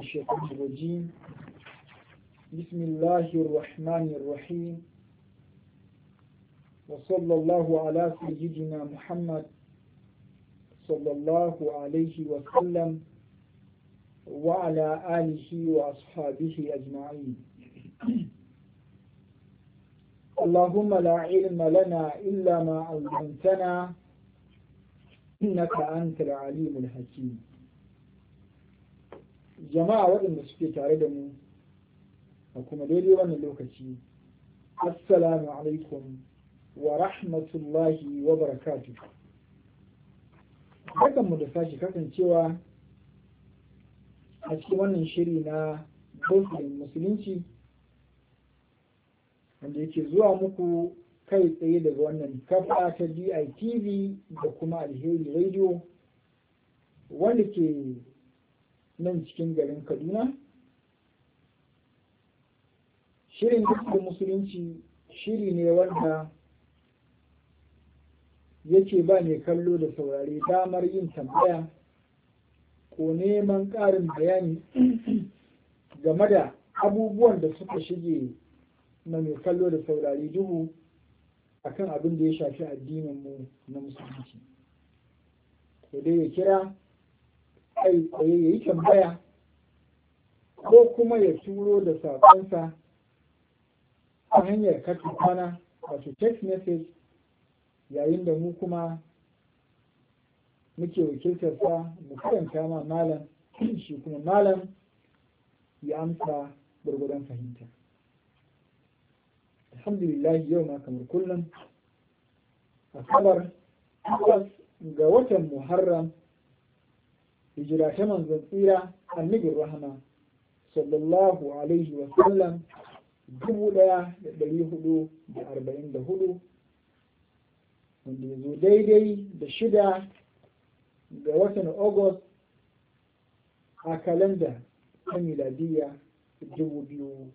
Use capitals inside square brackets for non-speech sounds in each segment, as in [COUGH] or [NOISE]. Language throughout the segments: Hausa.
الشيطان الرجيم بسم الله الرحمن الرحيم وصلى الله على سيدنا محمد صلى الله عليه وسلم وعلى آله وأصحابه أجمعين اللهم لا علم لنا إلا ما علمتنا إنك أنت العليم الحكيم jama'a waɗanda suke tare da mu a kuma daidai wannan lokaci assalamu alaikum wa rahmatullahi wa barakatu mu da sashi kasancewa a cikin wannan shiri na Bosnian musulunci wanda yake zuwa muku kai tsaye daga wannan kafa ta DITV da kuma alheri radio wanda ke nan cikin garin kaduna shirin da musulunci shiri ne wanda yake ba mai kallo da saurare damar yin tambaya ko neman ƙarin bayani [CLEARS THROAT] game da abubuwan da suka shige na mai kallo da saurare duhu akan abin da ya shafi addininmu na musulunci. Ko dai ya kira a ya yi tambaya ko kuma ya turo da saƙonsa ta hanyar katin kwana wato text message yayin da mu kuma muke ta, mu karanta ma malam shi kuma malam ya amsa gwargwadon fahimta alhamdulillah yau ma kamar kullum asabar takwas ga watan muharram hijira ta manzon tsira annabin rahama sallallahu alaihi wa sallam dubu ɗaya da dari hudu da arba'in da hudu wanda ya zo daidai da shida ga watan August a kalanda ta miladiyya dubu biyu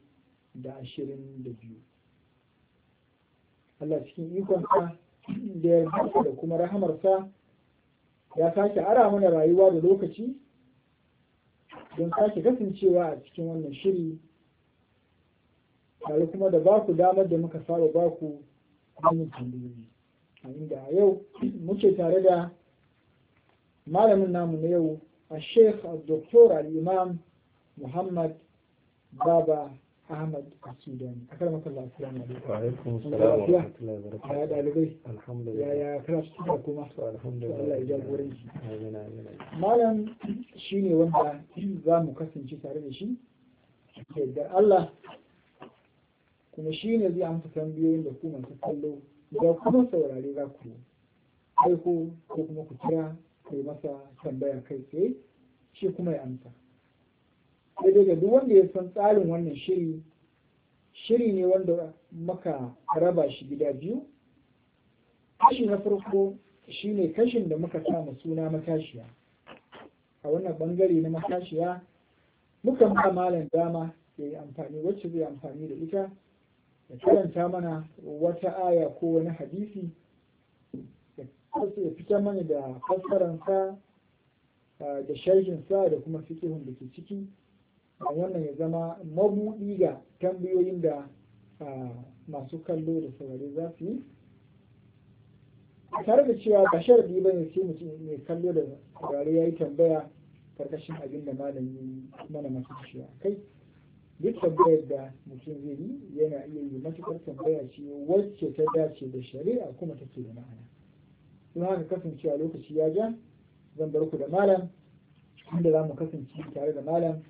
da ashirin da biyu. Allah cikin ikonsa da yarda da kuma rahamarsa ya sake ara mana rayuwa da lokaci don sake kasancewa a cikin wannan shiri tare kuma da ba ku damar da muka saba ba ku hanyar tambayoyi a inda a yau muke tare da malamin namu na yau a sheikh al-doktor al-imam muhammad baba Ahmad Asudani. Akar Wa alaikum Allah ya wanda za mu kasance tare da shi. Da Allah kuma shi zai amsa tambayoyin da ku masu kallo da kuma saurare za ku aiko ko kuma ku kira kai masa tambaya kai tsaye shi kuma ya amsa. daidai ga duk wanda ya san tsarin wannan shiri shiri ne wanda maka raba shi gida biyu kashi na farko shine kashin da muka samu suna matashiya a wannan bangare na matashiya muka ba malam dama ya yi amfani wacce zai amfani da ita ya karanta mana wata aya ko wani hadisi ya fita mana da fassararsa ah, da sharhinsa da kuma fikihun da ke ciki wannan ya zama mabuɗi ga tambayoyin da masu kallo da saurari za su yi tare da cewa ba sharadi ba ne sai mutum mai kallo da saurari ya yi tambaya karkashin abin da malami mana masu cewa kai duk tambayar da mutum zai yi yana iya yi matuƙar tambaya ce wacce ta dace da shari'a kuma take da ma'ana don haka kasancewa lokaci ya ja zan bar ku da malam inda za mu kasance tare da malam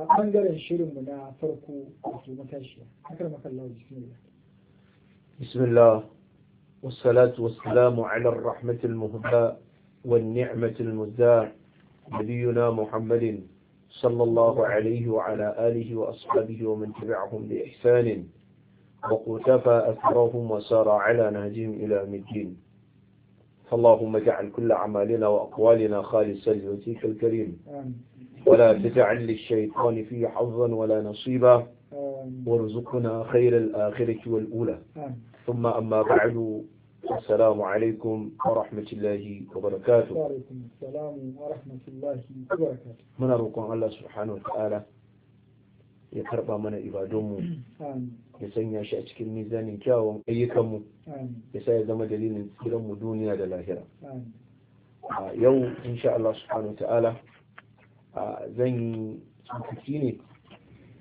a ɓangaren shirinmu na farko wato matashiya akar makallawa bismillah bismillah والصلاة والسلام على الرحمة المهداة والنعمة المزداء نبينا محمد صلى الله عليه وعلى آله وأصحابه ومن تبعهم بإحسان وقتفى أثرهم وسار على نهجهم إلى مدين فاللهم اجعل كل أعمالنا وأقوالنا خالصا لوجهك الكريم ولا تجعل للشيطان فيه حظا ولا نصيبا وارزقنا خير الآخرة والأولى ثم أما بعد السلام عليكم ورحمة الله وبركاته وعليكم السلام ورحمة الله وبركاته من أرقى الله سبحانه وتعالى ya karba mana ibadunmu ya sanya shi a cikin mizanin kyawun ayyukanmu ya sa ya zama dalilin tsiranmu duniya da lahira yau insha Allah subhanahu ta'ala zan yi tsokaci ne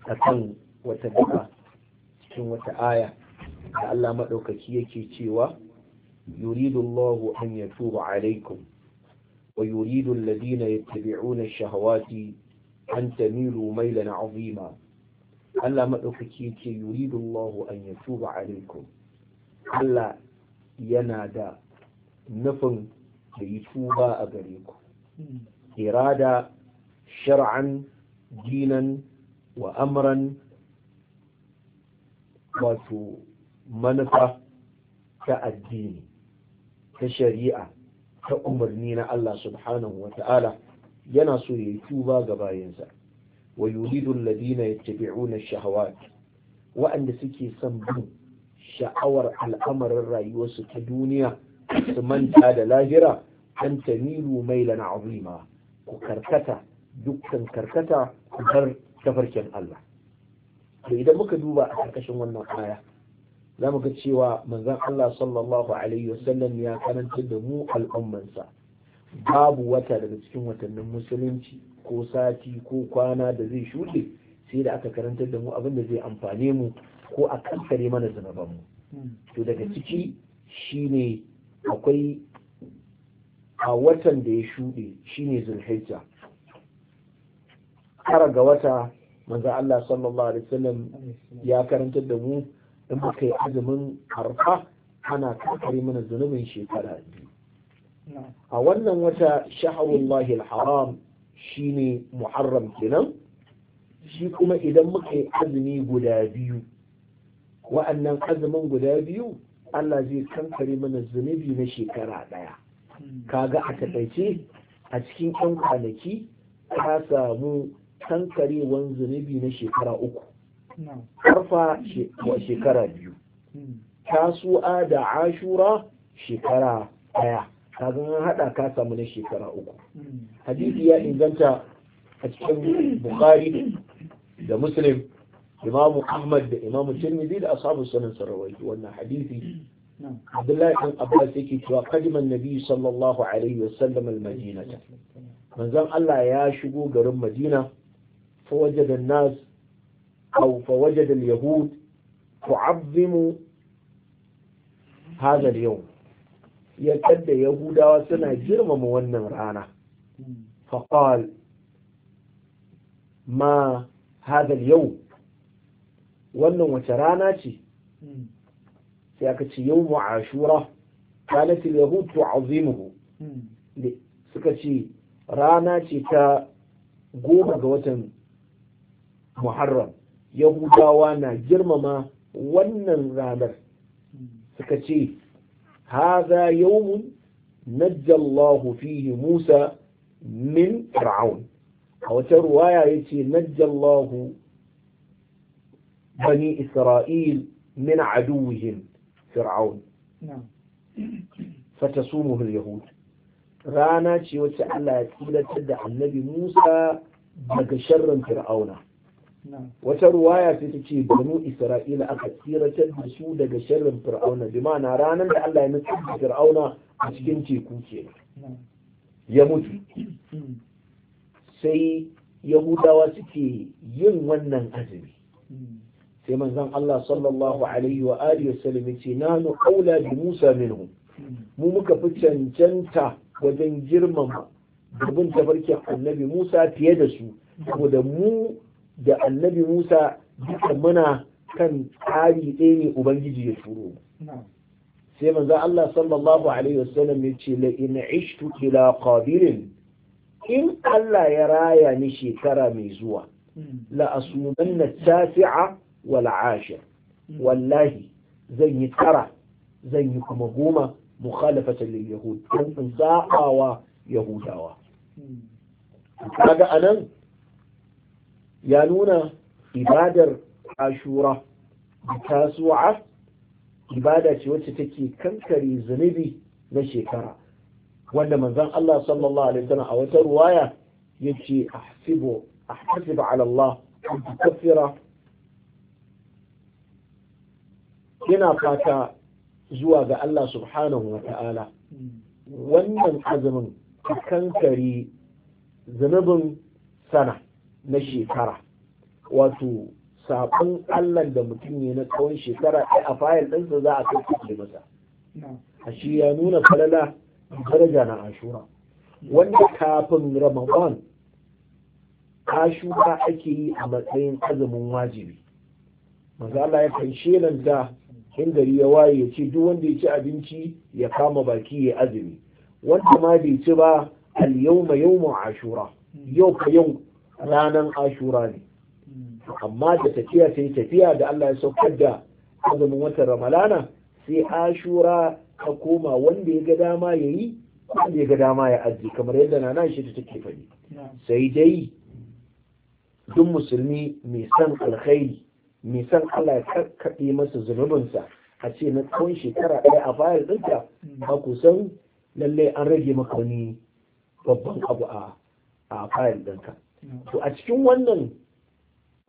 a kan wata duka cikin wata aya da Allah maɗaukaki yake cewa yuridu Allahu an tuba alaikum wa yuridu Ladina yattabi'una ash-shahawati an tamilu mailan 'azima Allah maɗaukaki yake Allahu an yatuba alaikum Allah yana da nufin da yi tuba a gare ku irada shar'an dinan wa amran wato manufa ta addini ta shari'a ta umarni na Allah subhanahu wa ta'ala yana so ya yi tuba ga bayansa wa yuridu alladhina yattabi'una ash-shahawat wa'anda suke son bin sha'awar al'amarin rayuwarsu ta duniya su manta da lahira an mai lana azima ku karkata dukkan karkata ku bar tafarkin Allah to idan muka duba a karkashin wannan aya za mu ga cewa manzon Allah sallallahu alaihi wasallam ya karanta da mu al'ummansa babu wata daga cikin watannin musulunci ko sati ko kwana da zai shuɗe sai da aka karantar da mu abin da zai amfane mu ko a kankare mana zanabanmu to daga ciki shine akwai a watan da ya shuɗe shine zulhijja kara ga wata manzo Allah sallallahu alaihi wasallam ya karantar da mu in muka yi azumin arfa ana kankare mana zunubin shekara biyu a wannan wata sha'arullahi al-haram shine muharram kenan shi kuma idan muka yi azumi guda biyu wa'annan azumin guda biyu Allah zai kankare mana zunubi na shekara ɗaya kaga a taƙaice a cikin 'yan kwanaki ka samu kankarewan zunubi na shekara uku wa shekara biyu hmm. tasu'a da ashura shekara ɗaya kazan an haɗa ka samu na shekara uku hmm. hadisi ya inganta a cikin bukhari da muslim imam ahmad da imamu tirmidhi da ashabu sunan sarawaitu wannan hadisi abdullahi ibn abbas yake cewa kadiman nabi sallallahu alaihi wasallam almadinata manzon Allah ya shigo garin madina fa wajada nas aw fa wajada alyahud tu'azzimu hadha al ya kadda yahudawa suna girmama wannan rana faƙal ma hadal yau wannan wace rana ce sai aka ce yau ashura kanatil yahud tu'azimuhu suka ce rana ce ta goma ga watan muharram yahudawa na girmama wannan ranar suka ce هذا يوم نجى الله فيه موسى من فرعون أو رواية يتي نجى الله بني إسرائيل من عدوهم فرعون نعم. فتصومه اليهود رانا شيء وتعالى يتقبل تدع النبي موسى بقشر فرعونه wata ruwaya sai ta ce banu isra'ila aka tsiratar da su daga sharrin fir'auna bi ma'ana ranar da Allah ya nutsar da fir'auna a cikin teku ke ya mutu sai yahudawa suke yin wannan azumi sai manzon Allah sallallahu alaihi wa alihi sallam ya ce aula bi Musa minhu mu muka fi cancanta wajen girmama dubin tafarkin annabi Musa fiye da su saboda mu da annabi Musa duka muna kan tsari ɗaya ne Ubangiji ya turo sai manzo Allah sallallahu alaihi wasallam ya ce la in ishtu ila qadirin in Allah ya raya ni shekara mai zuwa hmm. la asumanna tasi'a wal ashir hmm. wallahi zan yi tara zan yi kuma goma mukhalafatan lil yahud dan in yahudawa hmm. kaga anan ya nuna ibadar ashura da tasuwa ibada ce wacce take kankare zunubi na shekara wanda manzon Allah sallallahu alaihi wasallam a wata ruwaya yace ahsibu ahtasibu ala Allah an tukaffira yana fata zuwa ga Allah subhanahu wa ta'ala wannan azumin kankari zunubin sana na shekara wato saƙon allah da mutum ne na tsawon shekara ɗaya a fayil ɗinsa za a kai kuɗi masa a shi ya nuna falala daraja na ashura wanda kafin ramadan ashura ake yi a matsayin azumin wajibi Mazala Allah ya kan shelan da in gari ya waye ya ce duk wanda ya ci abinci ya kama baki ya azumi wanda ma bai ci ba al yawma yawmu ashura hmm. yau ka yau ranar ashura ne amma da tafiya sai tafiya da Allah ya saukar da azumin watan ramalana sai ashura ka koma wanda ya ga dama ya yi wanda ya ga dama ya aji kamar yadda na nan shi ta take faɗi sai dai duk musulmi mai san alkhairi mai san Allah ya karkaɗe masa zunubinsa a ce na tsawon shekara ɗaya a fayar ɗinka ba ku san lallai an rage maka wani babban abu a fayar ɗinka to a cikin wannan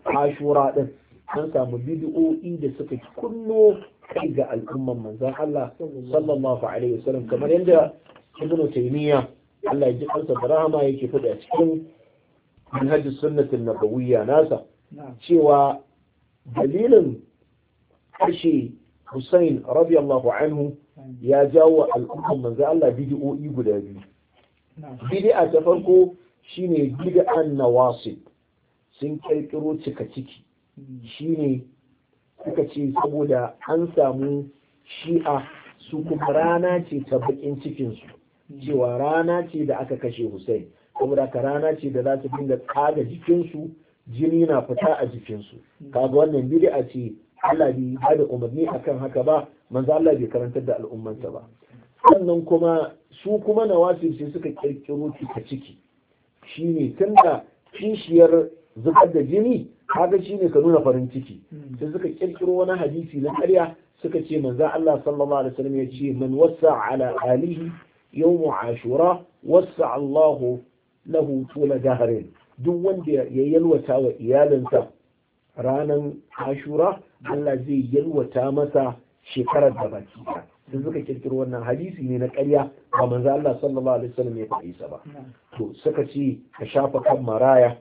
ashura din an samu bid'o'i da suka kunno kai ga al'umman manzon Allah sallallahu alaihi wasallam kamar yadda ibnu taymiya Allah ya ji kansa da rahama yake fada cikin manhajus sunnatin nabawiyya nasa cewa dalilin kashe Hussein radiyallahu anhu ya jawo al'umman manzon Allah bid'o'i guda biyu bid'a ta farko shine bid'an nawasi sun kirkiro cika ciki shine suka ce saboda an samu shi'a su kuma rana ce ta bakin cikinsu cewa rana ce da aka kashe Hussein saboda ka rana ce da za ta dinga tsaga jikinsu jini na fita a jikinsu kaga wannan bid'a ce Allah bai ba da umarni akan haka ba manzo Allah bai karantar da al'ummansa ba sannan kuma su kuma nawasi sai suka kirkiro cika ciki shine tunda kishiyar zubar da jini kaga shine ka nuna farin ciki hmm. sai suka kirkiro wani hadisi na ƙarya suka ce manzo Allah sallallahu alaihi wasallam ya ce man wasa ala alihi yawm ashura wasa Allahu lahu tula dahrin duk wanda ya yalwata wa iyalinsa ranan ashura Allah zai yalwata masa shekarar da baki da suka kirkiro wannan hadisi ne na ƙarya ba manzo Allah sallallahu alaihi wasallam ya faɗi sa ba to suka ce ka shafa kan maraya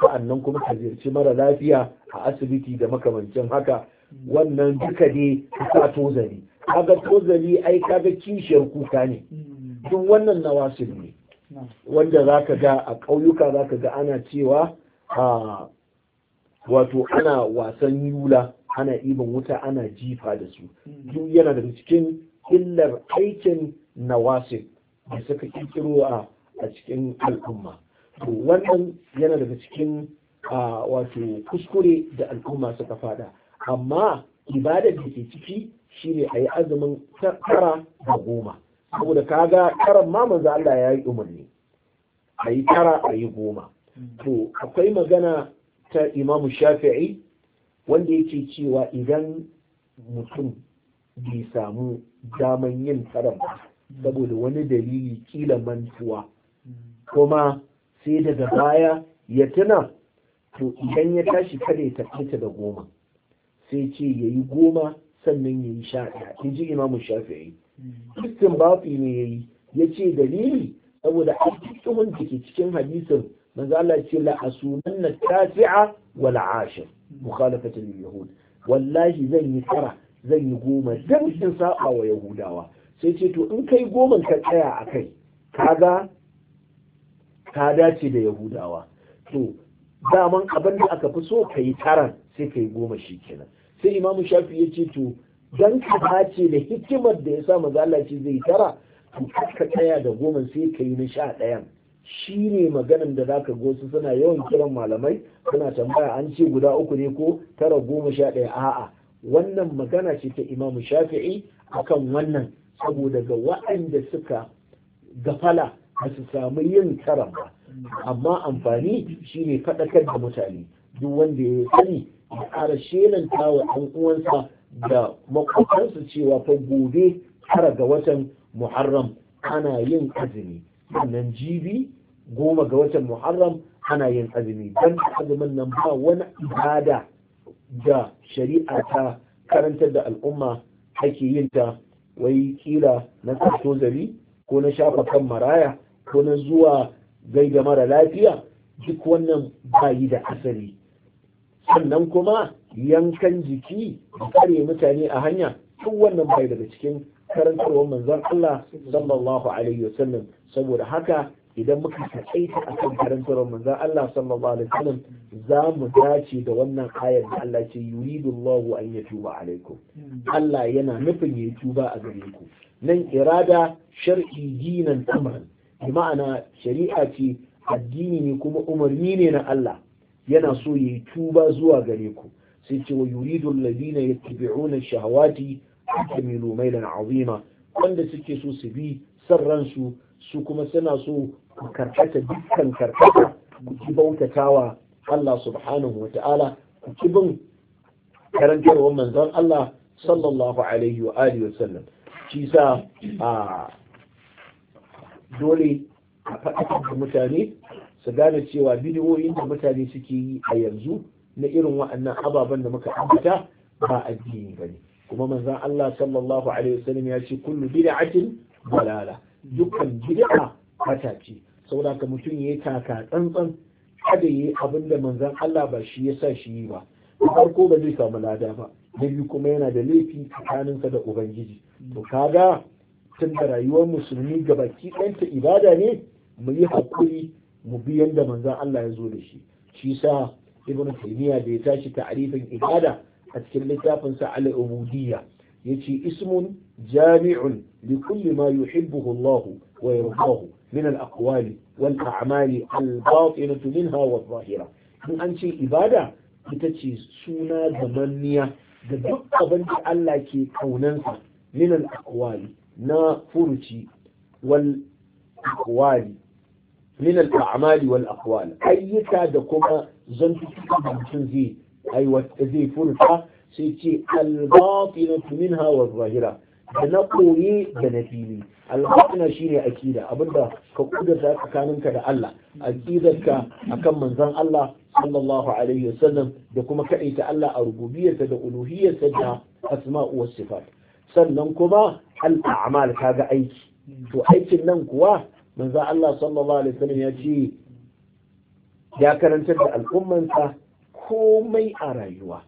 sa'annan kuma ka ziyarci mara lafiya a asibiti da makamancin haka wannan duka ne ka sa tozali kaga tozali ai kaga kishiyar kuka ne duk wannan wasu ne wanda zaka ga a ƙauyuka zaka ga ana cewa a wato ana wasan yula ana iban wuta ana jifa da su duk yana daga cikin illar aikin nawasib da suka kirkiro a cikin al'umma to wannan yana daga cikin wato kuskure da al'umma suka fada amma ibadar da ke ciki shine a yi azumin tara da goma saboda kaga karan ma za Allah ya yi umarni a yi tara a yi goma to akwai magana ta imamu shafi'i wanda yake cewa idan mutum bai samu daman yin haram saboda wani dalili kila mantuwa kuma sai daga baya ya tuna to idan ya tashi kada ya ta da goma sai ce ya yi goma sannan ya yi sha ɗaya in ji imamu shafi'i kristin bafi ne ya yi ya ce dalili saboda a cikin da ke cikin hadisin manzo Allah ce la asumanna tafi'a wal ashir mukhalafatul yahud wallahi zan yi tara zan yi goma dan in saba wa yahudawa sai ce to in kai goma ka tsaya a kai kaga ka dace da yahudawa to daman abin da aka fi so ka yi taran sai ka yi goma shi kenan sai imamu shafi ya ce to dan ka dace da hikimar da ya sa mazala ce zai tara to ka tsaya da goma sai ka yi na sha ɗayan shi ne maganin da zaka ga wasu suna yawan kiran malamai suna tambaya an ce guda uku ne ko tara goma sha ɗaya a'a wannan magana ce ta imamu shafi'i akan wannan saboda ga waɗanda suka gafala ba su samu yin karan ba amma amfani shine faɗakar da mutane duk wanda ya sani ya ƙara shelanta wa ɗan uwansa da makwabtansu cewa fa gobe tara ga watan muharram ana yin azumi sannan jibi goma ga watan muharram ana yin azumi don azumin nan ba wani ibada da shari'a ta karantar da al'umma ake yin ta wai kila na kasto zari ko na shafa kan maraya ko na zuwa gaida mara lafiya duk wannan bayi da asali sannan kuma yankan jiki da kare mutane a hanya duk wannan bai daga cikin karantarwar manzon Allah sallallahu alaihi wasallam saboda haka idan muka taƙaita a kan karantarwar manzan Allah sallallahu alaihi wasallam za mu dace da wannan ayar da Allah ce yuridullahu an yatuba alaikum Allah yana nufin ya tuba a gare ku nan irada shar'i dinan amran bi ma'ana shari'a ce addini ne kuma umarni ne na Allah yana so ya yi tuba zuwa gare ku sai ce wa yuridul ladina yattabi'una shahawati tamilu mailan azima wanda suke so su bi san ransu su kuma suna so ku karkata dukkan karkata ku ci bautatawa Allah subhanahu wa ta'ala ku ci bin karantarwar manzon Allah sallallahu alaihi wa alihi wa sallam shi sa a dole a faɗaƙar da mutane su gane cewa bidiyoyin da mutane suke yi a yanzu na irin wa'annan ababen da muka ambata ba addini ba ne kuma manzan Allah sallallahu alaihi wasallam ya ce kullu bid'atin dalala dukkan bid'a matace. ce saboda mutum ya yi taka tsantsan kada ya yi abin da manzan Allah ba shi ya sa shi yi ba na farko ba zai samu lada ba na biyu kuma yana da laifi tsakaninsa da ubangiji to kaga tun da rayuwar musulmi ga baki ɗanta ibada ne mu yi haƙuri mu bi yanda manzan Allah ya zo da shi shi sa ibn taymiya da ya tashi ta'arifin ibada a cikin sa al-ubudiyya yace ismun jami'un li kulli ma yuhibbuhu Allah wa yardahu min al-aqwali wal a'mali al-batinatu minha wal in an ce ibada ita ce suna da manniya da duk abin Allah ke kaunansa min al-aqwali na furuci wal aqwali min al-a'mali wal ayyuka da kuma zantuka da zai furta sai ce al-batinatu minha da na koyi da na fili alhaƙina shine akida abinda ka kudurta tsakaninka da Allah akidarka kan manzon Allah sallallahu alaihi wasallam da kuma kaɗaita Allah a rububiyarsa da uluhiyarsa da asma'u was sifat sannan kuma al-a'mal kaga aiki to aikin nan kuwa Manzan Allah sallallahu alaihi wasallam ya ce ya karantar da al'ummansa komai a rayuwa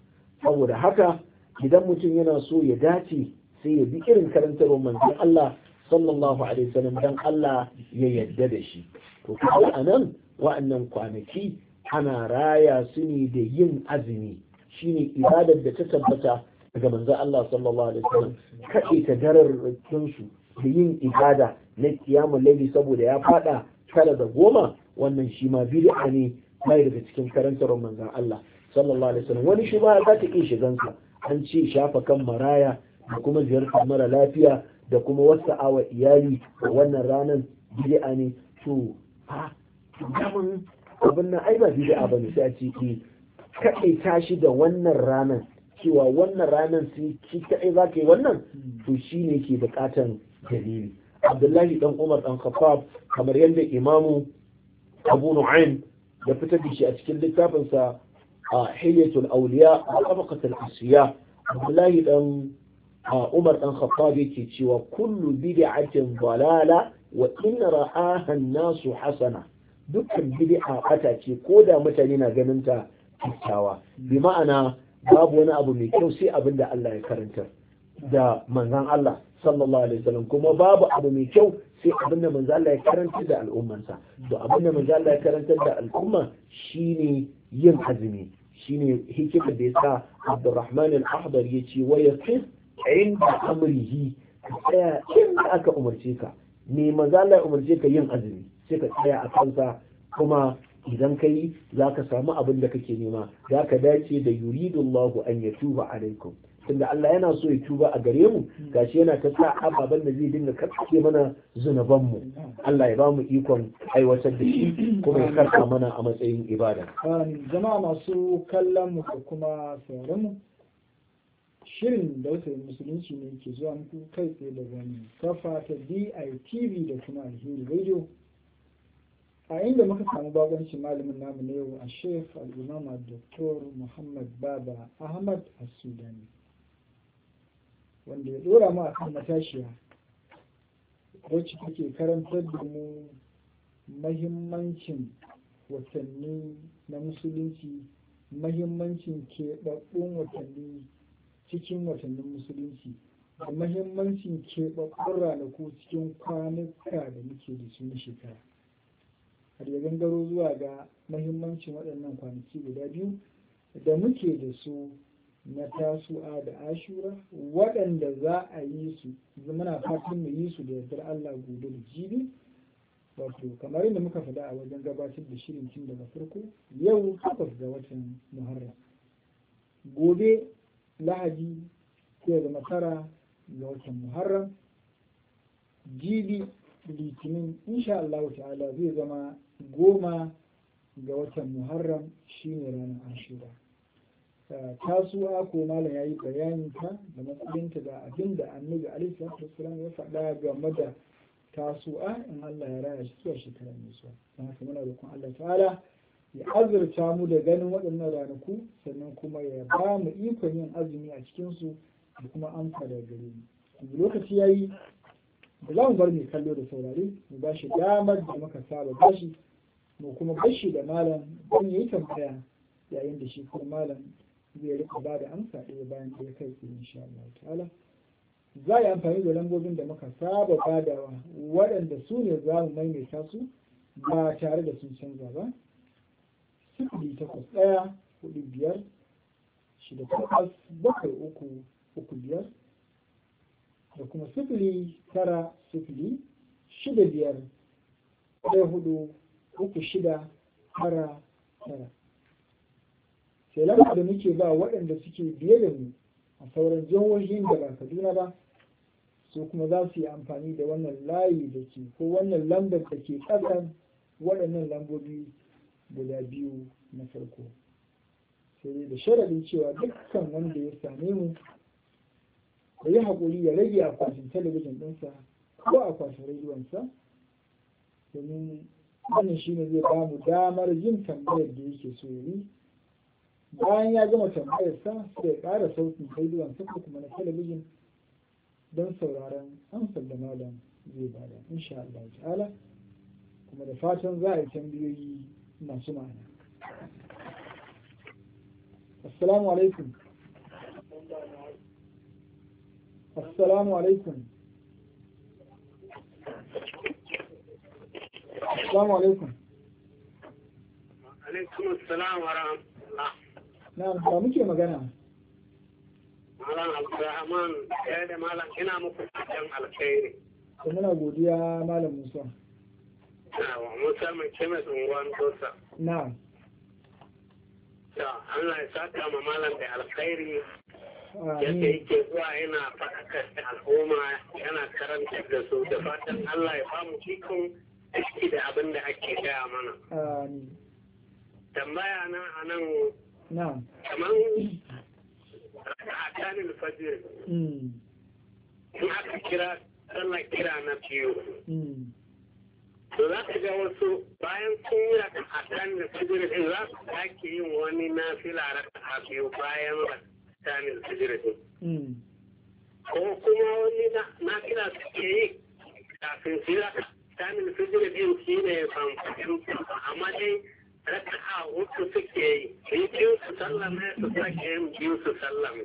saboda haka idan mutum yana so ya dace sai ya bi irin karantarwar manzon Allah sallallahu alaihi wasallam dan Allah ya yadda da shi to kuma anan wa'annan kwanaki ana raya su ne da yin azumi shine ibadar da ta tabbata daga manzon Allah sallallahu alaihi wasallam kace ta dararrakin su da yin ibada na kiyamul laili saboda ya fada tara da goma wannan shi ma bid'a ne mai daga cikin karantarwar manzon Allah sallallahu alaihi wasallam wani shi ba za ta iya shigansa an ce shafa kan maraya da kuma ziyartar mara lafiya da kuma wasa'a wa iyali wannan ranar bid'a ne to ha daman abin nan ai ba bid'a bane sai a ce ki eh, kaɗai tashi da wannan ranar cewa wannan ranar sai ki kaɗai za ka yi wannan to shi ne ke bukatan dalili abdullahi dan umar dan khattab kamar yadda imamu abu nu'aym ya fitar da shi a cikin littafinsa a hilyatul auliya a tabaqatul asiya abdullahi dan Umar dan Khattab yake cewa kullu bid'atin dalala wa in ra'aha an-nasu hasana dukkan bid'a ata ce ko da mutane na ganin ta kyakkyawa bi ma'ana babu wani abu mai kyau sai abin da Allah ya karanta da manzon Allah sallallahu alaihi wasallam kuma babu abu mai kyau sai abin da manzon Allah ya karanta da al'ummansa to abin da manzon Allah ya karanta da al'umma shine yin azumi shine hikimar da yasa Abdurrahman al-Ahdar yace wa yaqif inda amrihi ka tsaya da aka umarce ka me maza umarce ka yin azumi sai ka tsaya a kansa kuma idan ka yi za ka samu abin da kake nema za ka dace da yuridullahu an ya tuba alaikum tunda Allah yana so ya tuba a gare mu gashi yana ta sa ababen da zai dinga karkace mana zunuban mu Allah ya ba mu ikon aiwatar da shi kuma ya karka mana a matsayin ibada jama'a masu kallon mu kuma sauraron mu shirin dausayin musulunci ne ke zuwa muku kai tsaye da wani kafa ta DITV da kuma alheri radio a inda muka samu bakonci malamin namu na yau a shef al'umama doktor muhammad baba ahmad a sudani wanda ya dora mu a kan matashiya wacce take karantar da mu mahimmancin watanni na musulunci mahimmancin keɓaɓɓun watanni cikin watannin musulunci da mahimmancin keɓaɓɓun ranaku cikin kwanuka da muke da su na shekara har ya gangaro zuwa ga mahimmancin waɗannan kwanaki guda biyu da muke da su na tasu'a da ashura waɗanda za a yi su na fatan mu yi su da yardar Allah gobe da jibi wato kamar yadda muka faɗa a wajen gabatar da shirin tun daga farko yau takwas ga watan muharram gobe lahadi sai da masara ga watan muharram jibi litinin insha Allah ta'ala zai zama goma ga watan muharram shine ranar ashira tasuwa ko malam ya yi bayani ta da matsayinta da abin da annabi alaihi wasallam ya faɗa game da tasuwa in Allah ya raya shi zuwa shekara mai zuwa don haka muna roƙon Allah ta'ala ya azurta mu da ganin waɗannan ranaku sannan kuma ya ba mu ikon yin azumi a cikinsu da kuma an da gare mu lokaci ya yi da za mu bar mai kallo da saurare mu ba shi damar da muka saba ba shi mu kuma ba shi da malam don ya yi tambaya yayin da shi kuma malam zai rika ba da amsa ɗaya bayan ɗaya kai tsaye insha Allah ta'ala za a yi amfani da lambobin da muka saba badawa waɗanda su ne za mu maimaita su ba tare da sun canza ba sifili takwas ɗaya hudu biyar shida takwas bakwai uku uku biyar da kuma sifili tara sifili shida biyar ɗaya hudu uku shida tara tara sai da muke ba waɗanda suke biye da mu a sauran jihohin da ba kaduna ba su kuma za su yi amfani da wannan layi da ke ko wannan lambar da ke ƙasan waɗannan lambobi guda biyu na farko sai da sharadin cewa dukkan wanda ya same mu ya haƙuri ya rage akwatin talabijin ɗinsa ko akwatin rediyonsa domin wannan shi ne zai ba mu damar jin tambayar da yake so yi bayan ya gama tambayarsa sai ya ƙara sautin rediyonsa ko kuma na talabijin don sauraron amsar da malam zai bada insha Allah ta'ala kuma da fatan za a yi tambayoyi masu ma'ana assalamu alaikum assalamu alaikum assalamu alaikum alaikum assalamu wa Na amfani ba muke magana Malam Abdulrahman, ya da malam ina muku cikin alkhairi. Muna godiya Malam Musa. Musa mai kemis unguwan Tosa. Na'am. Ya Allah ya saka ma malam da alkhairi yadda yake zuwa yana faɗakar da al'umma yana karanta da su da fatan Allah ya famu cikin aiki da abin da ake gaya mana. Tambaya na a nan kamar raka'a fajir. Mm. In aka kira sallar kira na biyu. Mm. to za ka ga wasu bayan sun yi raka a kan da sigirin za su sake yin wani na raka a biyu bayan da sigirin hmm. ko kuma wani na fila suke yi kafin fila rakanin sigirin shi ne famfafin amma dai a hutu suke yi biyu su sallame su sake yin biyu su sallame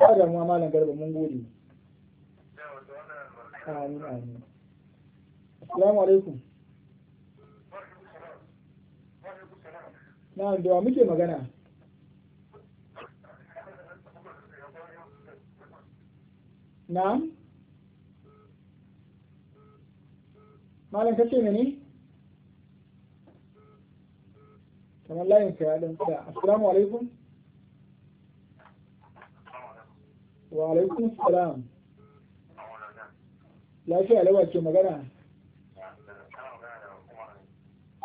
ba da mu malam garba mun gode amin amin assalamu alaikum na da muke magana Na? malam kace mene kamar layin ka ya dan tsaya assalamu alaikum wa alaikun salam lafiya alawar ke magana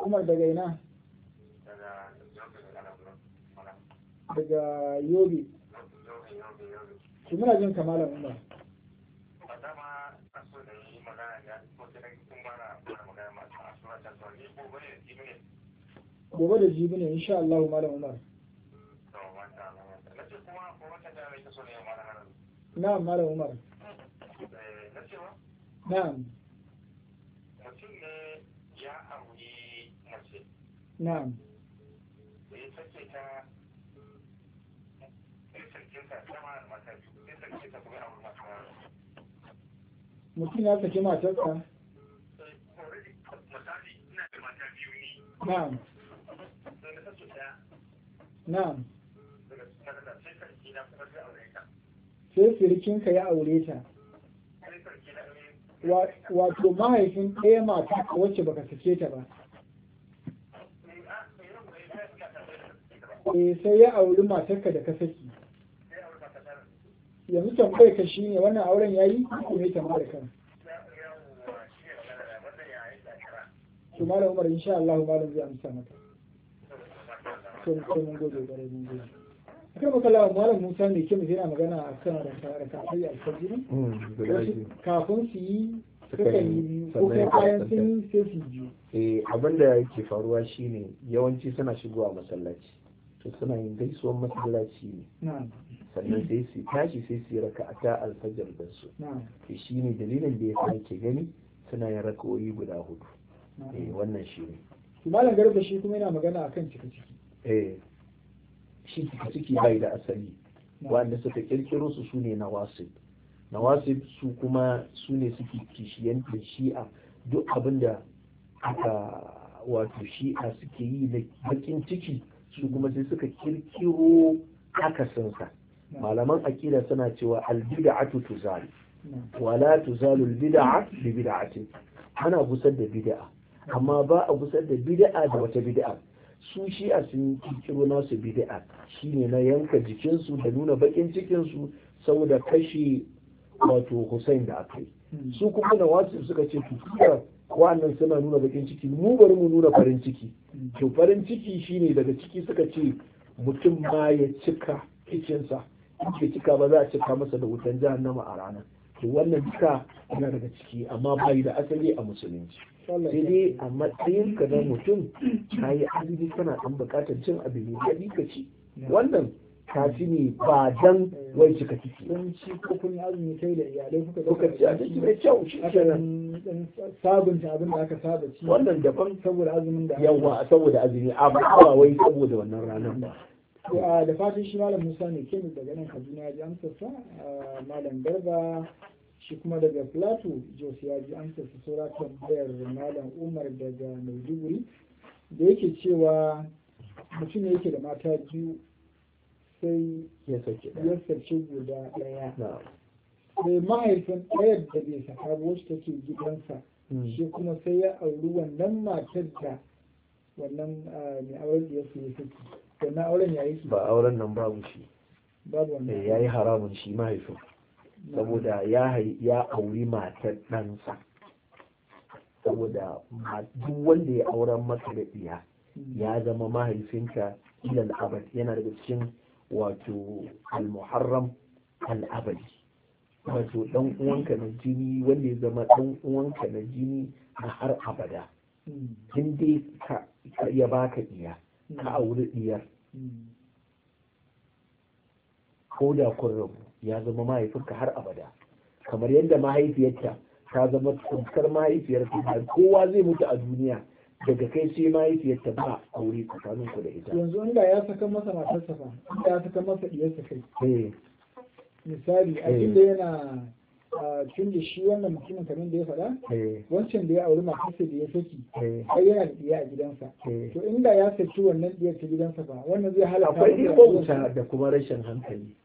umar daga ina daga Yobi. ki muna jin kamalan umar gobe da jibi ne insha Allah malam umar Na malam umar na'am mutum mutum ya saki matarsa na'am na'am sai sirikinka ya aure ta wato mahaifin ɗaya mata wacce baka sake ta ba e sai ya auri matarka da ka saki yanzu tambayar ka shi ne wannan auren yi ko ne mara kan su mara Umar insha Allah malam zai amsa mata sun mun gode gare mun gode akan makala malam musa mai kuma yana magana a kan rakafai alfajiri wasu kafin su yi Eh abin da yake faruwa shine yawanci suna shigowa masallaci to suna yin gaisuwar masallaci ne sannan sai su tashi sai su raka a ta alfajar da su to shine dalilin da ya sa ke gani suna yin rakawoyi guda hudu eh wannan shine malam garba shi kuma yana magana akan cika ciki eh shi ciki bai da asali wanda suka kirkiro su sune nawasib nawasib su kuma sune suke da shi'a duk abinda aka wato shi'a suke yi na bakin ciki su kuma sai suka kirkiro akasinsa malaman aƙida suna cewa albida'atu tuzalu wala tuzalu albida'a bi bid'atin ana gusar da bid'a amma ba a gusar da bid'a da wata bid'a su shi a sun kirkiro nasu bid'a ne na yanka jikinsu da nuna bakin cikinsu saboda kashe wato Hussain da aka yi hmm. su kuma na wasu suka ce tutura wa'annan suna nuna bakin ciki mu bari mu nuna farin ciki hmm. to farin ciki shi ne daga ciki suka ce mutum ma ya cika kicinsa in ka cika ba za a cika masa da wutan nama a ranar to wannan duka yana daga ciki amma bai da asali a musulunci sai dai a matsayin ka na mutum ka yi azumi kana an buƙatar cin abu mai daɗi ka ci wannan ci ne ba dan wai cika ciki don shi ko kun yi azumi sai da iyalai kuka kuka ci abinci mai kyau shi kenan sabunta abin da aka saba ci wannan daban saboda azumin da yawa saboda azumi amma ba wai saboda wannan ranar ba da fatan shi malam musa ne ke daga nan kaduna ya ji amsarsa malam garba shi kuma daga plateau jos ya ji amsarsa saura tambayar malam umar daga maiduguri da yake cewa mutum ne yake da mata biyu sai ya sace guda ɗaya sai mahaifin ɗayar da bai saka wacce take gidansa hmm. shi kuma sai ya auri wannan matar da wannan mai auren da ya fi saki wannan auren yayi ba auren nan babu shi babu wannan eh, yayi haramun shi mahaifin saboda ya ya auri matar ɗansa saboda duk wanda ya auren mata da ɗiya hmm. ya zama mahaifinta ilal abad yana daga cikin wato al-muharram al-abadi wato dan uwanka na jini wanda ya zama dan uwanka na jini har abada hmm. in dai ya baka iya ka auri diyar hmm. ko da kun rabu ya zama mahaifinka har abada kamar yadda mahaifiyarta ta zama tamkar mahaifiyarta har kowa zai mutu a duniya daga kai sai mahaifiyarta ba wuri tsakanin ku da ita yanzu inda ya saka masa matarsa ba inda ya saka masa diyarsa kai eh. misali a eh. inda yana tun da shi wannan mutumin kamar da ya faɗa eh. wancan da ya auri matarsa da ya saki eh. ai yana da a gidansa eh. to inda ya saki wannan ɗiyar ta gidansa ba wannan zai halaka akwai ikon wuta da kuma rashin hankali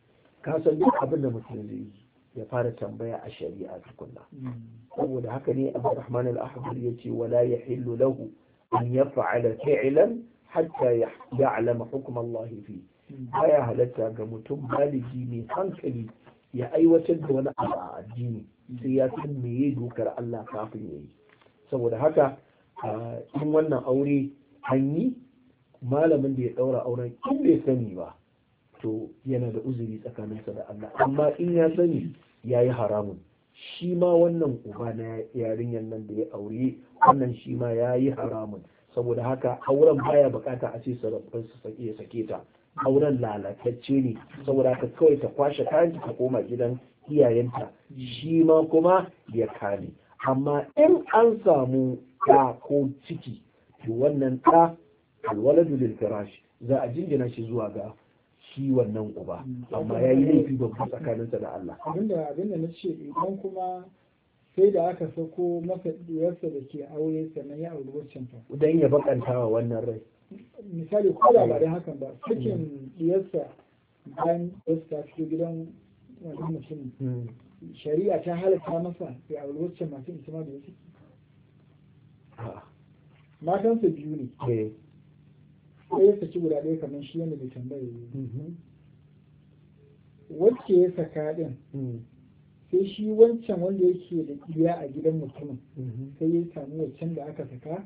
ka san duk abin da mutum zai yi ya fara tambaya a shari'a tukunna hmm. saboda haka ne Abdurrahman al ya ce wala ya yahillu lahu an fa'ala fi'lan hatta ya alama Allah fi hmm. baya halatta ga mutum baligi mai hankali ya aiwatar da wani abu a addini sai ya san meye dokar Allah kafin ya yi saboda haka in wannan aure an yi malamin da ya daura auren in bai sani ba to yana da uzuri tsakaninsa da Allah amma in ya sani ya yi haramun shi ma wannan uba na yarinyar nan da ya aure wannan shi ma ya yi haramun saboda haka auren baya bukata a ce sarrafin su sake ta auren lalatacce ne saboda ka kawai ta kwashe kayan ta koma gidan iyayenta shi ma kuma ya kame amma in an samu ɗa ko ciki to wannan ɗa alwaladu lil firash za a jingina shi zuwa ga shi wannan uba amma ya yi laifi babba tsakaninsa da Allah abinda abinda na ce idan kuma sai da aka sako masa diyarsa da ke aure sannan ya auri waccan fa dan ya bakanta wa wannan rai misali ko da ba eh. dai hakan ba cikin diyarsa bayan da su fito gidan wani mutum hmm. shari'a ta halatta masa ya a wacce masu ita ma da yake ah. matansa biyu ne eh. sai ya saki guda ɗaya kamar shi yadda bai tambaya yi mm-hmm. wacce ya saka ɗin hmm. sai shi wancan wanda yake da iya a gidan mutumin mm-hmm. sai ya samu waccan da aka saka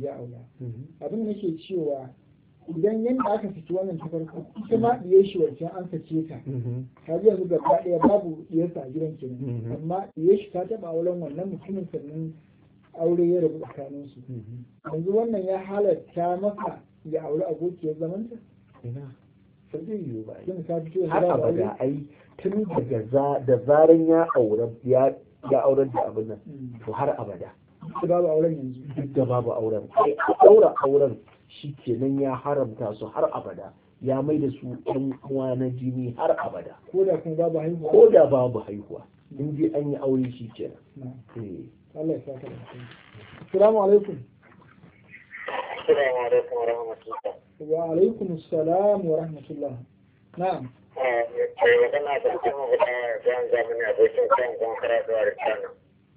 ya aura mm-hmm. abin cewa idan yadda aka fito wannan ta farko ita ma ɗiye shi wacce an sace ta ji mm-hmm. yanzu gaba ɗaya babu ɗiye a gidan kenan mm-hmm. amma ɗiye shi ta taɓa auren wannan mutumin sannan aure ya rabu tsakanin su yanzu wannan ya halatta masa ya auri abokiyar ta ina ba zai ba har abada ai tun daga da zaran ya aure ya da abin nan mm. to har abada duk da babu auren yanzu duk da babu auren ai aura auren shikenan ya haramta su har abada ya mai da su ɗan uwa na jini har abada ko da kuma babu haihuwa ko da babu haihuwa in dai an yi aure shi kenan eh Allah ya saka assalamu alaikum assalamu alaikum wa rahmatullah wa alaikum assalam wa rahmatullah na'am eh, eh,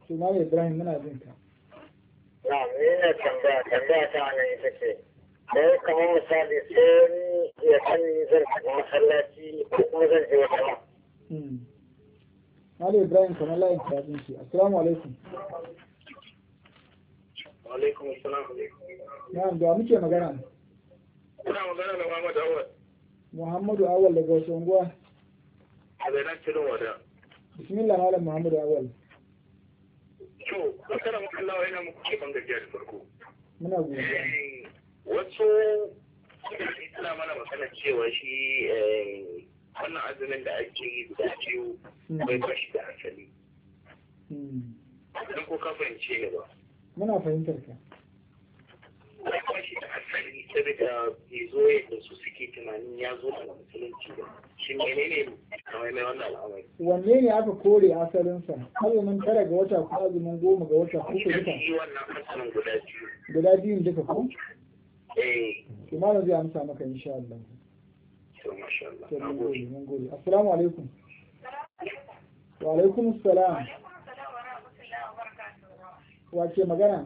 zamani Ibrahim muna jin ka na nuna tambaya tambaya ta nan ita ce sai kamar misali sai ni ya sani zan tafi masallaci ko kuma zan je wata hmm. ma. Ali Ibrahim kamar layin kafin shi. Assalamu alaikum. Wa alaikum assalam. Na'am da muke magana. Kuna magana da Muhammad Awal. Muhammadu Awal daga wasu unguwa. A nan cikin wada. Bismillah Malam Muhammadu Awal. to masana makalla wa yana muku kefan gajiya da farko muna godiya wasu suna mana magana cewa shi eh, wannan azumin da ake yi guda biyu hmm. bai ba shi da asali hmm. don ko ka fahimce ne ba muna fahimtar ka na da asali saboda bai wanne ne aka kore asalinsa azumin tara ga wata ko azumin goma ga wata ko duka guda biyu duka ko eh kuma zai amsa maka insha Allah to masha Allah mun gode assalamu alaikum wa alaikum assalam wa ke magana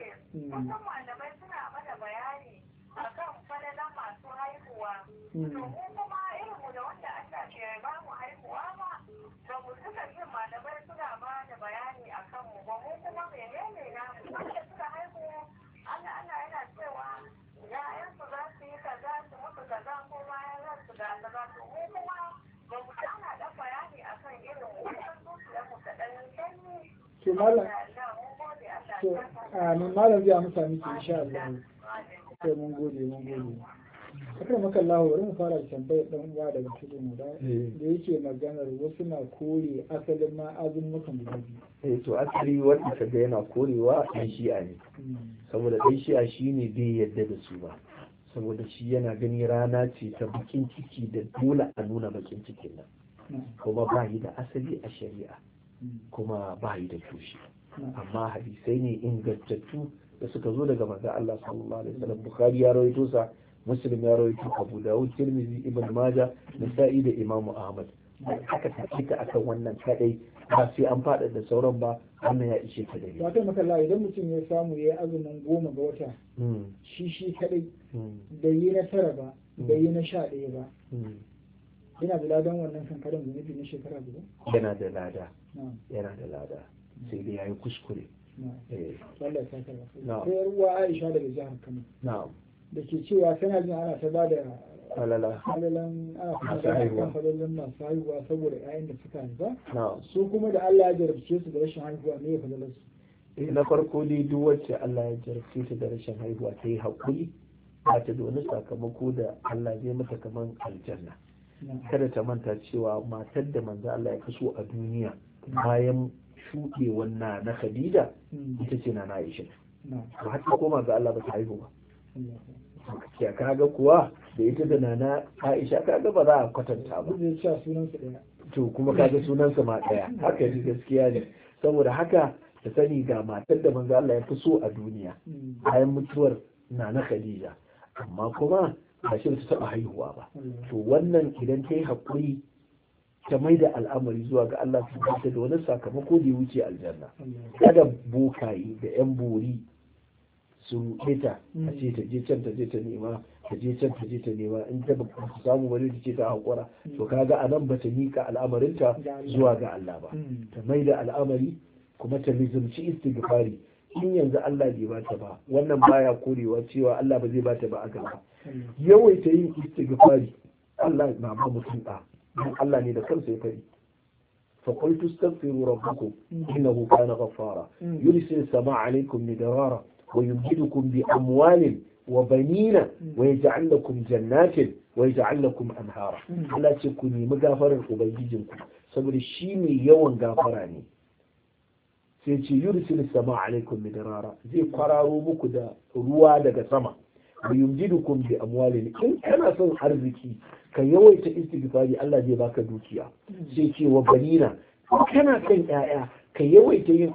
mace mm. malamai suna mana bayani akan falalan masu haihuwa mm. to mu kuma irinmu da wanda Allah ke ba mu haihuwa ba to mu suka jin malamai suna ba da bayani akan mu ba mu kuma menene na mu wanda suka haihu Allah Allah yana cewa ya'yansu za su yi kaza su mutu kaza ko bayan za su ga kaza to mu kuma ba mu ana da bayani akan irin wannan su da mu kaɗan to amin malam zai amsa miki insha Allah sai mun gode mun gode akwai makallahu bari mu fara tambayar dan uwa daga cikin mu eh. da yake maganar wasu na kore asalin ma da gudu eh to asali wanda kaga yana korewa dan shi'a ne hmm. saboda dai shi'a shine bai yadda da su ba saboda shi yana gani rana ce ta bakin ciki da dole a nuna bakin cikin nan hmm. kuma ba yi da asali a shari'a hmm. kuma ba yi da tushe amma hadisai ne ingantattu da suka zo daga manzo Allah sallallahu alaihi wasallam bukhari ya rawaito sa muslim ya rawaito abu dawud tirmidhi ibn majah nasa'i da imam ahmad haka ta cika akan wannan kadai ba sai an fada da sauran ba wannan ya ishe ta dai wato makalla idan mutum ya samu ya azumin goma ga wata hmm. shi shi kadai da hmm. yi na tara ba da hmm. yi na sha ɗaya ba yana da ladan wannan kankarin nufi na shekara guda yana da lada yana da lada sai dai yayi kuskure eh. sai ruwa Aisha daga jihar Kano da ke cewa tana jin ana ta bada falala falalan falalan masu haihuwa saboda 'ya'yan da suka haifa su kuma da Allah ya jarabce su da rashin haihuwa ne ya falalar su eh, na farko dai duk wacce Allah ya jarabce ta da rashin haihuwa ta yi haƙuri ba ta doni sakamako da Allah zai mata kamar aljanna kada ta manta cewa matar da manzo Allah ya kaso a duniya bayan shuɗe wannan na khadija hmm. ita ce na na'ishin ba ta koma ga Allah ba ta haihu ba ya kaga kuwa da ita da nana aisha kaga ba za a kwatanta ba to kuma kaga sunansa ma ɗaya haka ne gaskiya ne saboda haka ta sani ga matar da manzo Allah ya fi so a duniya hmm. bayan mutuwar nana khadija amma kuma ba shi ta taɓa haihuwa ba hmm. to wannan idan ta yi haƙuri ta mai da al'amari zuwa ga Allah su bata da wani sakamako da ya wuce aljanna kada bokaye da yan bori su ita a ce ta je can ta je ta nema ta je can ta je ta nema in ta samu wani da ce ta hakura to kaga a nan bata mika al'amarinta zuwa ga Allah ba hmm. ta mai da al'amari kuma ta lizumci istighfari in yanzu Allah bai bata ba wannan baya korewa cewa Allah ba zai bata ba a gaba yawaita yin istighfari Allah na ba mutum da dan Allah ne da kansa ya kai, fa qultu astaghfiru rabbakum innahu kana ghaffara mm. yursilu samaa alaykum midrara wa yumdidukum bi amwalin wa banina mm. wa yaj'al lakum jannatin wa yaj'al lakum anhara mm. Allah ce ku nemi gafarar ubangijinku saboda shi ne yawan gafara ne sai ce yursilu samaa alaykum midrara zai kwararo muku da ruwa daga sama wa yumjidukum bi amwalin in kana son arziki ka yawaita istighfari Allah zai baka dukiya sai ce wa banina in kana son 'ya'ya ka yawaita yin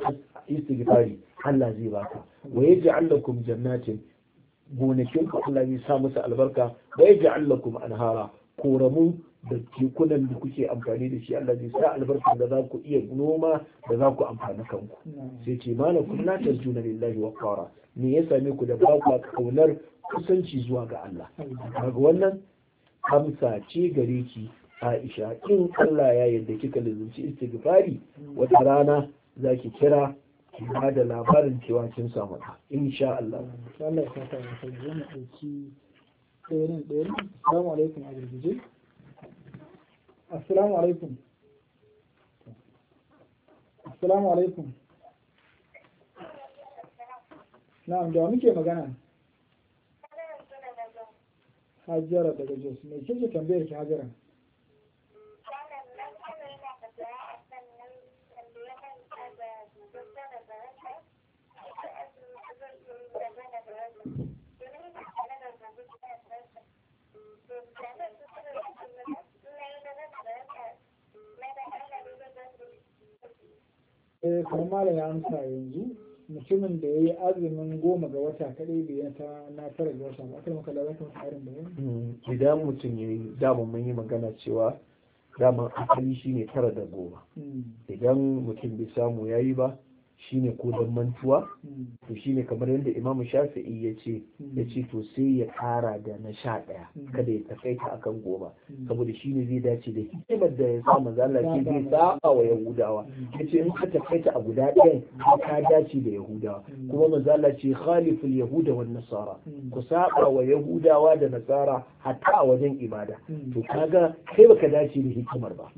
istighfari Allah zai baka wa yaj'al lakum jannatin gonakin ku Allah sa musu albarka wa yaj'al lakum anhara koramu da kekunan da kuke amfani da shi Allah zai sa albarka da za ku iya noma da za ku amfani kanku sai ce mana kun na tarjuna lillahi wa qara me ya same ku da ba kaunar kusanci zuwa ga Allah daga wannan amsa ce gare ki Aisha in Allah ya yarda kika lizunci istighfari wata rana zaki kira ki ba da labarin cewa kin samu ta insha Allah Allah ya sa ta mu ɗauki ɗayan ɗayan assalamu alaikum a السلام عليكم السلام عليكم نعم جواب مين مكانه حجره ده جوز مين كان بيرك حجره eh kamar amsa yanzu mutumin da ya yi azumin goma ga wata kaɗai ya ta na tara ga wata ba akwai makala zaka wata ƙarin bayani hmm, idan mutum ya yi damar mun yi magana cewa damar asali shine tara da goma hmm. idan mutum bai samu ya yi ba shine ko don mantuwa hmm. to shine kamar yadda imamu shafi'i ya ce ya ce hmm. to sai ya kara da na sha ɗaya hmm. kada ya takaita akan goma saboda shine zai dace da hikimar da ya sa manzo ke zai saba wa yahudawa ya ce in ka takaita a guda ɗayan ka dace da yahudawa kuma manzo ce khaliful yahuda nasara ku saba wa yahudawa da nasara hatta a wajen ibada to kaga kai baka dace da hikimar ba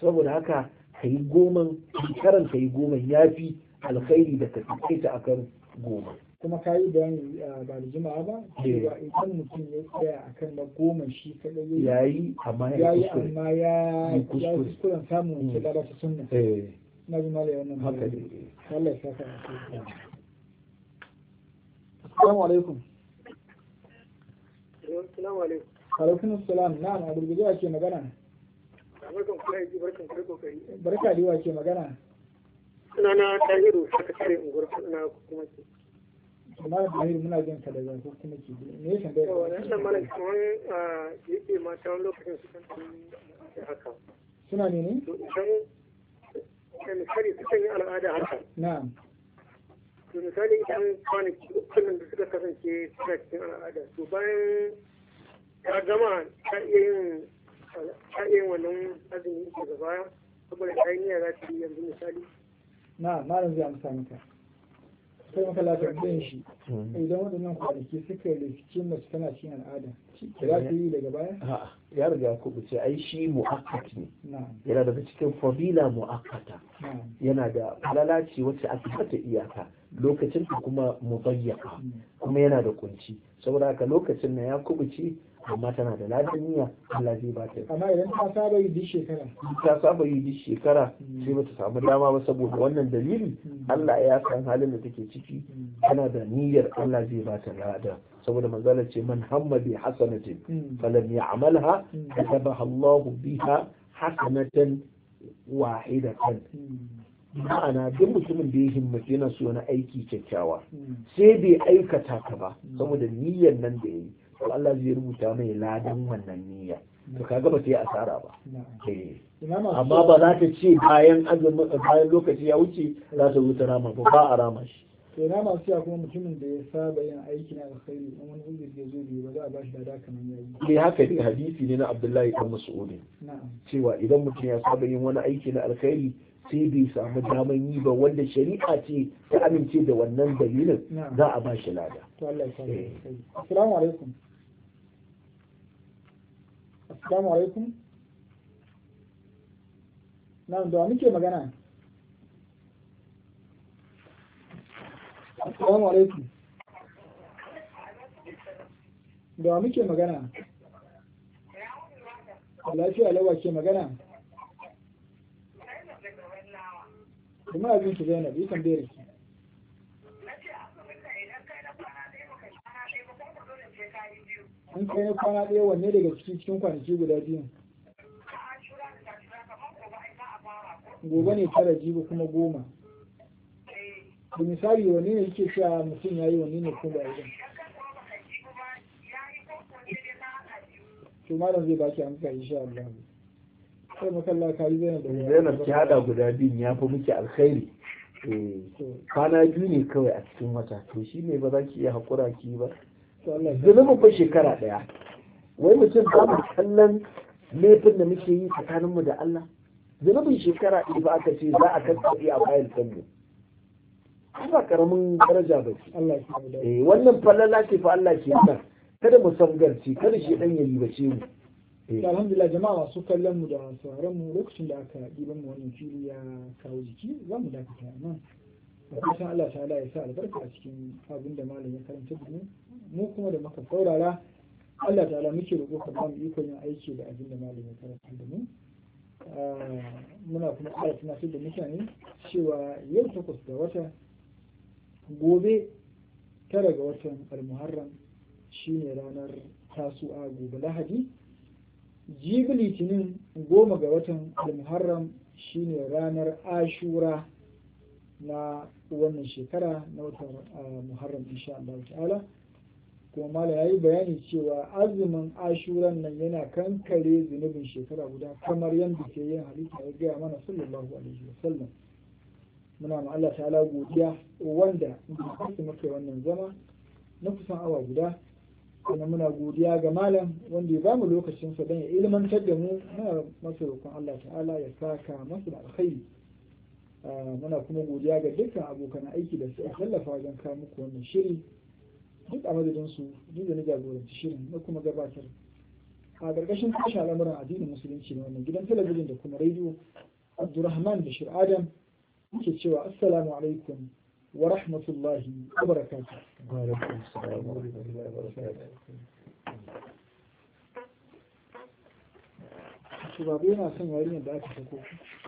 saboda haka ka yi goman karan ka yi goman ya fi alkhairi da ka ta akan goma kuma ka yi bayani ba da jima'a ba cewa eh. idan mutum ya tsaya a kan na goma shi kaɗai ya yi amma ya yi amma ya yi kuskuren samun wace lalata hmm. sunna eh. na ji mala yawan nan haka ne Allah ya saka a kai Assalamu alaikum Assalamu alaikum Alaikum assalam na na gurgurje ake magana Barkan ku barkan ku kokari Barka da yawa ke magana suna na tahiru sakatare unguwar na kuma ke kamar da tahiru muna jin ka da zan ko kuma ke me yake da yawa wannan da mana a yake mata wani lokacin su kan haka suna ne ne idan misali su kan yi al'ada haka na'am to misali idan kwanaki ukun da suka kasance suna cikin al'ada to bayan ta gama ta iya yin ta iya yin wannan azumi daga gaba saboda ta yi niyya za ta yi yanzu misali na malam zai amsa maka sai maka lafiyar shi hmm. idan waɗannan kwanaki suka rikice mace tana cin al'ada Za ta yi daga baya ya riga ku ce ai shi mu'akkat ne yana daga cikin fadila mu'akkata yana da lalaci wacce a ta iyaka lokacin kuma mubayyaka hmm. kuma yana da kunci saboda haka lokacin na ya kubuce amma tana da ladan niyya Allah zai bata amma idan ta saba yi duk shekara ta saba yi duk shekara sai bata samu dama ba saboda wannan dalili Allah ya san halin da take ciki tana da niyyar Allah zai bata lada saboda manzala ce man hamma bi hasanatin falam ya'malha katabaha Allah biha hasanatan wahidatan ma'ana duk mutumin da ya himmace yana so na aiki kyakkyawa sai bai aikata ka ba saboda niyyar nan da ya yi to Allah zai rubuta mai ladan wannan niyya to kaga ba ta yi asara ba eh. amma ba za ta ce bayan azumin bayan lokaci ya wuce za ta rubuta rama ba ba a rama shi to ina masu cewa kuma mutumin da ya saba yin aiki na alkhairi in wani uzuri ya zo bai ba za a bashi lada kamar yayi dai haka ne hadisi ne na Abdullahi ibn Mas'ud cewa idan mutum ya saba yin wani aiki na alkhairi sai bai samu daman yi ba wanda shari'a ce ta amince da wannan dalilin za a ba shi lada. Eh. Assalamu alaikum. assalamu alaikum na da muke magana assalamu alaikum da muke magana lafiya lawa ke magana kuma abin ki zainab yi tambayar ki in kai kwana ɗaya wanne daga cikin cikin kwanaki guda biyu gobe ne tara jibi kuma goma da misali wanne ne yake cewa mutum ya yi wanne ne kuma ya yi to zai baki shi a Allah sai makalla ka yi zainab da zainab ki hada guda biyu ya fi miki alkhairi eh, kwana biyu ne kawai a cikin wata to shi ne ba za ki iya haƙura ki ba zunubin ba shekara ɗaya wai mutum ba mu kallon laifin da muke yi tsakaninmu da Allah zunubin shekara ɗaya ba aka ce za a kaskaɗe a bayan sanmu ba karamin daraja ba ce eh, wannan falala ce fa Allah ke nan kada mu sangarci kada shi ɗan yayi ce mu eh. alhamdulillah jama'a masu kallon mu da sauraron mu lokacin da aka ɗiban mu wannan fili ya kawo jiki za mu dakata nan da fatan Allah ta'ala ya sa albarka a cikin abin da malamin karanta da mu kuma da muka saurara Allah ta'ala muke roƙo ka ba mu ikon yin aiki da abin da malamin karanta da mu ah, muna kuma da mutane cewa yau takwas da wata gobe tara ga watan almuharram shine ranar tasu'a gobe lahadi jibi litinin goma ga watan almuharram shine ranar ashura na wannan shekara na watan muharram insha Allah ta'ala kuma mala yayi bayani cewa azumin ashuran nan yana kankare zunubin shekara guda kamar yadda ke yin halitta ya gaya mana sallallahu alaihi wasallam muna ma Allah ta'ala godiya wanda su muke wannan zama na kusan awa guda kuma muna godiya ga malam wanda ya bamu lokacin sa dan ya ilmantar da mu muna masa roƙon Allah ta'ala ya saka masa da alkhairi Ah, muna kuma godiya ga dukkan abokan aiki da suka tallafa wajen kawo muku wannan shiri duk a madadin su duk da na jagoranci shirin na kuma gabatar a ƙarƙashin kashe al'amuran addinin musulunci na wannan gidan talabijin da kuma rediyo abdurrahman bashir adam muke cewa assalamu alaikum wa rahmatullahi wa barakatuh shugabe yana son yarinyar da aka sako